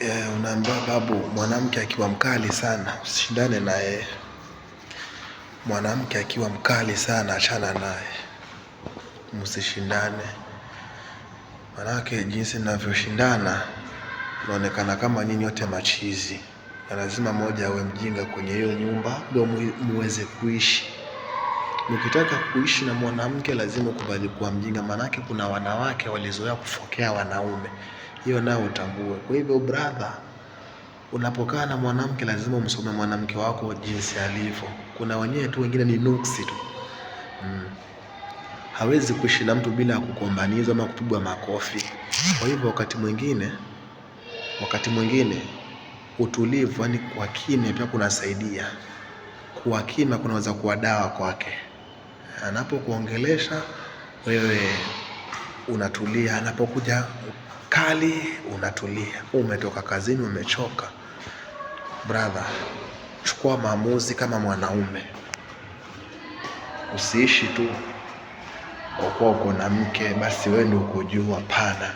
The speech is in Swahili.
Eh, unaambiwa babu, mwanamke akiwa mkali sana usishindane naye. Mwanamke akiwa mkali sana achana naye, msishindane. Manake jinsi ninavyoshindana naonekana kama nyinyi wote machizi, na lazima mmoja awe mjinga kwenye hiyo nyumba ndio muweze kuishi. Ukitaka kuishi na mwanamke lazima ukubali kuwa mjinga, manake kuna wanawake walizoea kufokea wanaume hiyo nayo utambue. Kwa hivyo brother, unapokaa na mwanamke lazima umsome mwanamke wako jinsi alivyo. Kuna wenyewe tu wengine ni nuksi tu mm. Hawezi kuishi na mtu bila kukombanizwa ama kupigwa makofi. Kwa hivyo wakati mwingine, wakati mwingine utulivu, yani kwa kimya pia kunasaidia. Kwa kimya kunaweza kuwa dawa kwake, anapokuongelesha wewe unatulia. Anapokuja kali unatulia. Umetoka kazini, umechoka, brother, chukua maamuzi kama mwanaume. Usiishi tu kwa kuwa uko na mke basi wewe ndio uko Hapana.